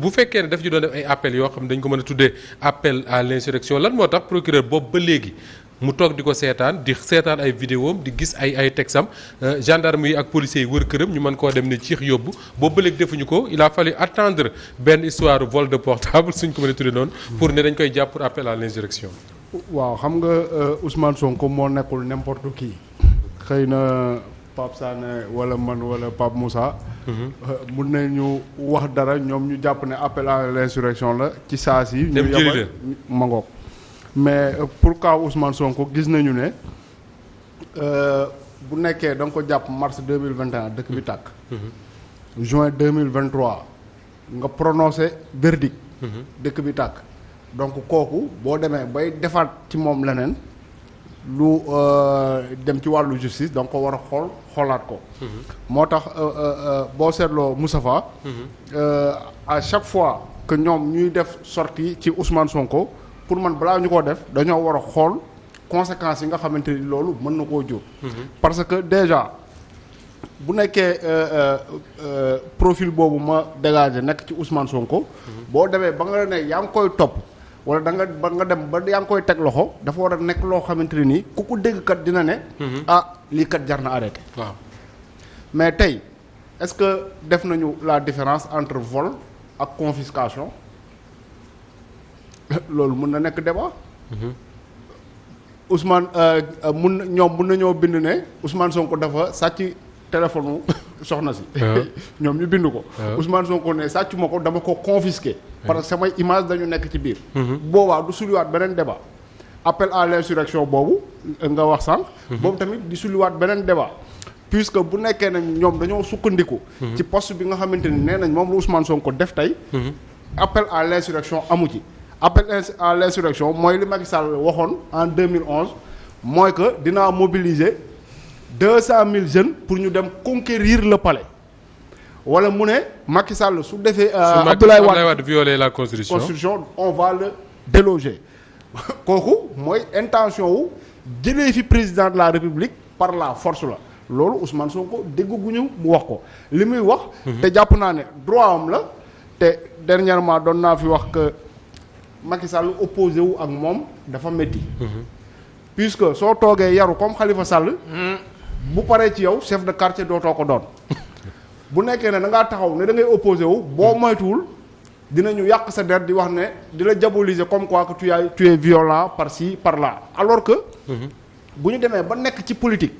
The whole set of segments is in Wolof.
bu fekkee ne daf ñu doon def ay appel yoo xam ne dañ ko mën a tuddee appel à l'insurrection lan moo tax procureur boobu ba léegi mu toog di ko seetaan di seetaan ay vidéom di gis ay ay texam euh, gendarme yi ak policiers yi wër këram ñu mën koo dem ni ciix yóbbu boobu ba léegi defuñu ko il a fallu attendre benn histoire vol de portable suñ ko mën a tuddee noonu. pour ne dañ koy jàpp pour appel à l'insurrection. waaw xam nga euh, Ousmane Sonko moo nekkul n'importe kii xëy na Pape Sané wala man wala Pape Moussa. Euh, mun ñu wax dara ñoom ñu jàpp ne appel à l'insurrection la ci saa si ñu yebal mangook mais euh, pour cas Ousmane Sonko gis nañu ne euh, bu nekkee da nga ko jàpp mars deux mille vingt dëkk bi mm-hmm. tàkk. Mm-hmm. juin deux mille vingt trois nga prononcé verdict. Mm-hmm. dëkk bi tàkk donc kooku boo demee bay defaat ci moom leneen. lu euh, dem ci wàllu justice da ko war a xool xoolaat ko. Mhm. moo tax euh, euh, boo seetloo Moustapha mhm. à chaque fois que ñoom ñuy def sorti ci Ousmane Sonko pour man balaa ñu ko def dañoo war a xool conséquence yi nga xamante ni loolu mën na koo jur. Mhm. parce que déjà bu nekkee profil boobu ma dégagé nekk ci Ousmane Sonko. boo demee ba nga ne yaa ngi koy topp. wala danga nga ba nga dem ba yaa ngi koy teg loxo dafa war a nekk loo xamante ne nii ku ko dégg kat dina ne. Mhm. ah lii kat jar na arrêté. waaw mais tey est-ce que def nañu la différence entre vol ak confiscation loolu mun na nekk débat. Mhm. Ousmane euh, euh, mun na ñoom mun nañoo bind ne Ousmane Sonko dafa sàcc téléphone soxna si. Ah. ñoom ñu bind ko. Ah. Ousmane Sonko ne sàcc ma ko dama ko confisqué. Ah. parce que samay image dañu nekk ci biir. Mhm. boobaa du suliwaat beneen débat. appel à l'insurrection boobu nga wax sànq. Mhm. boobu tamit di suliwaat beneen débat. puisque bu nekkee ne ñoom dañoo sukkandiku. Mhm. ci post bi nga xamante ni nee nañ moom la son ko def tey. appel à l'insurrection amu ci. appel à l'insurrection mooy li Macky waxoon en 2011 mooy que dinaa mobiliser. deux cent mille jeunes pour ñu dem conquérir la pale wala mu ne Macky Sall su defee. Euh, Abdoulaye Wade violer la constitution constitution on va le déloger kooku mooy intention wu jëlee fi président de la république par la force la loolu Ousmane Sonko dégguñu mu wax ko li muy wax. Mhm. te jàpp naa ne droit am la te dernièrement doon naa fi wax que Macky Sall opposé wu ak moom dafa métti. Mhm. puisque soo toogee yaru comme xalifa Sall. Mhm. bu paree ci yow chef de quartier dootoo ko doon bu nekkee ne da taxaw ne da ngay opposé wu boo moytuwul ñu yàq sa der di wax ne di la diaboliser comme quoi que tu as tu es violent par ci alors que. Mhm. bu ñu demee ba nekk ci politique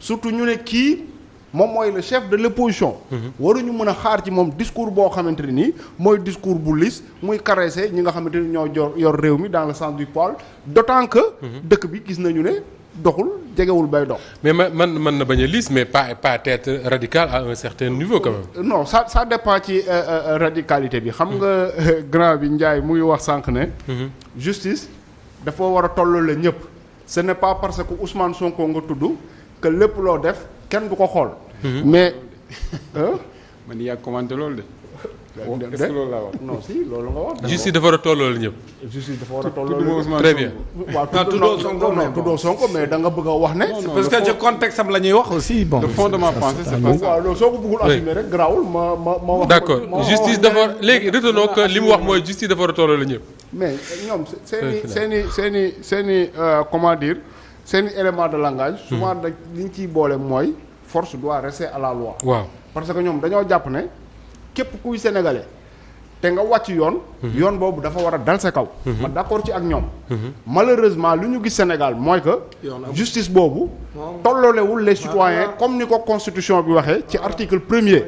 surtout ñu ne kii. moom mooy le chef de l'opposition mhm. ñu mën a xaar ci moom discours boo xamante ne nii mooy discours bu lis muy caressé ñi nga xamante ni ñoo jor yor réew mi dans le sens du poil d'autant que mhm. dëkk bi gis nañu ne doxul jegewul bay dox. mais ma man man mën na bañ a lisse mais pas pas être radical à un certain niveau quand même. non ça ça dépend ci euh, euh, euh, radicalité bi. xam nga grand bi Ndiaye mu ngi wax sànq ne. Mhm. justice dafa war a toll la ñëpp. ce n'est pas parce que Ousmane Sonko nga tudd que lépp loo def kenn du ko xool. Mhm. mais. man yaa commenté loolu de. est ce que loolu laa wax non si loolu nga justice dafa war a tollool ñëpp. justice très bien. waaw tuddoo Sonko mais tuddoo da nga bëgg a wax ne. parce que ci contexte am la wax aussi bon. le fond de ma pensée c'est pas ça. waaw soo ko bëggul assumer rek garaawul ma ma ma wax. d'accord justice dafa léegi retenons que li mu wax mooy justice dafa war a tollool ñëpp. mais ñoom seen i seen i seen euh, i seen élément de langage. Hmm. souvent da li ñu ciy boole mooy force doit rester à la waaw parce que ñoom dañoo jàpp ne. képp kuy sénégalais te nga wàcc yoon. yoon boobu dafa war a dal sa kaw. ma d'accord ci ak ñoom. malheureusement lu ñu gis Sénégal mooy que. justice boobu. tolloolewul le citoyens comme ni ko constitution bi waxee ci article premier.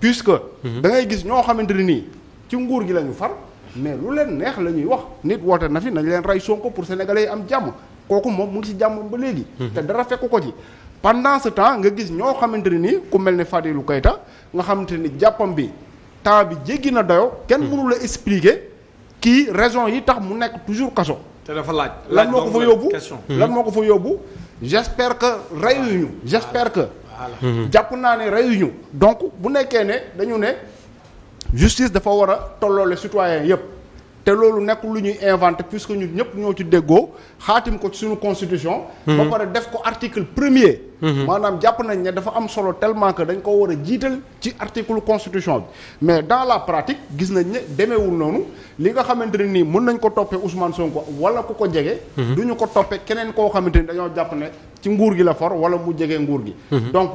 puisque mhm. da ngay gis ñoo xamante ne nii ci nguur gi la ñu far mais lu leen neex la ñuy wax nit woote na fi nañ leen rey Sonko pour sénégalais yi am jàmm kooku moom mu ngi si jàmm ba léegi. Mhm. te dara fekk ko ci. pendant ce temps nga gis ñoo xamante ne nii ku mel ne Fadilou Keita nga xamante ni jàppam bi temps bi jéggi na dayo kenn hmm. mënu la expliquer kii raison yi tax mu nekk toujours kaso. te dafa laaj lan moo ko fa yóbbu hmm. lan moo ko fa yóbbu j'espère que reyuñu j'espère que hmm. jàpp naa ne reyuñu donc bu nekkee ne dañu ne justice dafa war a tolloole citoyen yépp te loolu nekkul lu ñuy inventé puisque ñu ñëpp ñoo ci déggoo xaatim ko ci suñu constitution. ba mhm. pare def ko article premier. Mhm. maanaam jàpp nañ ne dafa am solo tellement que dañ ko war a jiital ci article constitution bi mais dans la pratique gis nañ ne demeewul noonu li nga xamante ne nii mun nañ ko toppee Ousmane Sonko wala ku ko jege. Mhm. du ñu ko toppee keneen koo xamante ni dañoo jàpp ne ci nguur gi la for wala mu jege nguur gi. donc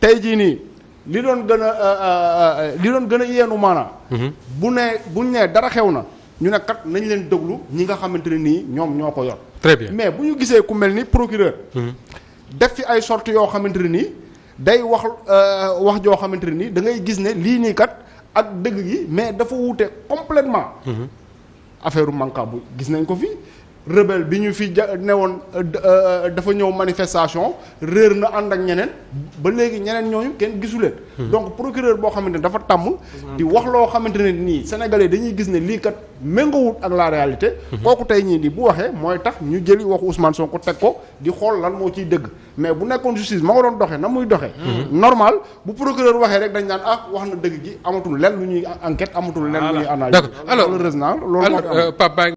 tey jii nii. li doon gën a euh, euh, euh, li doon gën a yeenu maanaam. bu nee bu ñu dara xew na. ñu ne kat nañ leen déglu ñi nga xamante ne nii ñoom ñoo ko yor. très bien mais bu ñu gisee ku mel ni procureur. Hmm. def fi ay sorties yoo xamante ne nii day wax euh, wax joo xamante ne nii da ngay gis ne lii nii kat ak dëgg gi mais dafa wuute complètement hmm. affaire manka bu gis nañ ko fi rebelle bi ñu fi ja newoon euh, euh, dafa ñëw manifestation réer na ànd ak ñeneen ba léegi ñeneen ñooñu kenn gisu leen. Hmm. donc procureur boo xamante ne dafa tàmm. di wax loo xamante ne nii sénégalais dañuy gis ne lii kat méngoowut ak la réalité. Hmm. kooku tey ñii di bu waxee mooy tax ñu jël jëli waxu soo ko teg ko di xool lan moo ciy dëgg mais bu nekkoon justice ma nga doon doxee nag muy doxee. Hmm. normal bu procureur waxee rek dañ naan ah wax na dëgg gi amatul lel lu ñuy enquête amatul lenn